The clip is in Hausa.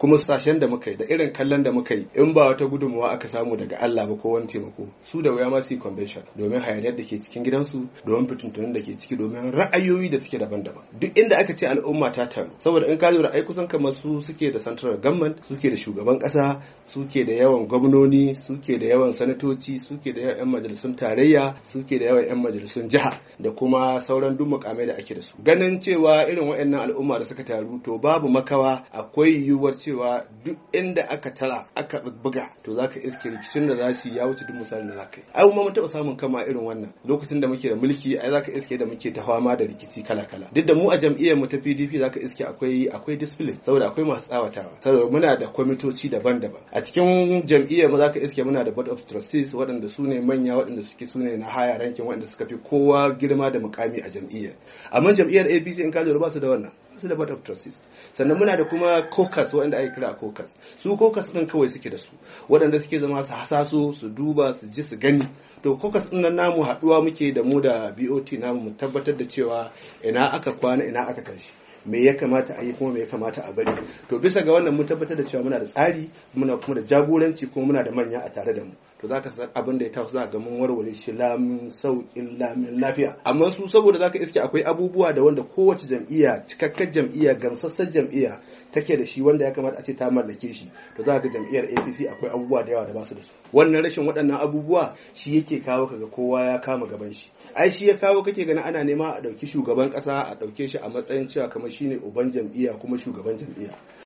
kuma sashen da muka yi da irin kallon da muka yi in ba wata gudunmuwa aka samu daga Allah ba ko wani taimako su da wuya ma su yi convention domin hayaniyar da ke cikin gidansu domin fitintunin da ke ciki domin ra'ayoyi da suke daban-daban duk inda aka ce al'umma ta taru saboda in ka lura ai kusan kamar su suke da central government suke da shugaban kasa suke da yawan gwamnoni suke da yawan sanatoci suke da yawan 'yan majalisun tarayya suke da yawan 'yan majalisun jiha da kuma sauran duk mukamai da ake da su ganin cewa irin waɗannan al'umma da suka taru to babu makawa akwai yiwuwar cewa duk inda aka tara aka buga to zaka iske rikicin da za ya wuce duk misalin da zaka yi ai kuma mun taba samun kama irin wannan lokacin da muke da mulki ai zaka iske da muke ta fama da rikici kala kala duk da mu a jam'iyyar mu ta PDP zaka iske akwai akwai discipline saboda akwai masu tsawatawa saboda muna da kwamitoci daban-daban a cikin jam'iyyar mu zaka iske muna da board of trustees waɗanda su ne manya waɗanda suke su ne na haya rankin waɗanda suka fi kowa girma da mukami a jam'iyyar amma jam'iyyar APC in ka lura ba su da wannan su da board of trustees sannan muna da kuma caucus waɗanda ake kira caucus su caucus ɗin kawai suke da su waɗanda suke zama su hasaso su duba su ji su gani to caucus ɗin nan namu haɗuwa muke da mu da BOT namu mu tabbatar da cewa ina aka kwana ina aka tashi me ya kamata a yi kuma me ya kamata a bari to bisa ga wannan mun tabbatar da cewa muna da tsari muna kuma da jagoranci kuma muna da manya a tare da mu to zaka san abin da ya taso za ga mun warware shi lamin sauƙin lamin lafiya amma su saboda zaka iske akwai abubuwa da wanda kowace jam'iyya cikakken jam'iyya gamsassar jam'iyya take da shi wanda ya kamata a ce ta mallake shi to za ga jam'iyyar APC akwai abubuwa da yawa da ba su da su wannan rashin waɗannan abubuwa shi yake kawo kaga kowa ya kama gaban shi ai shi ya kawo kake gani ana nema a ɗauki shugaban ƙasa a ɗauke shi a matsayin cewa kamar shine uban jam'iyya kuma shugaban jam'iyya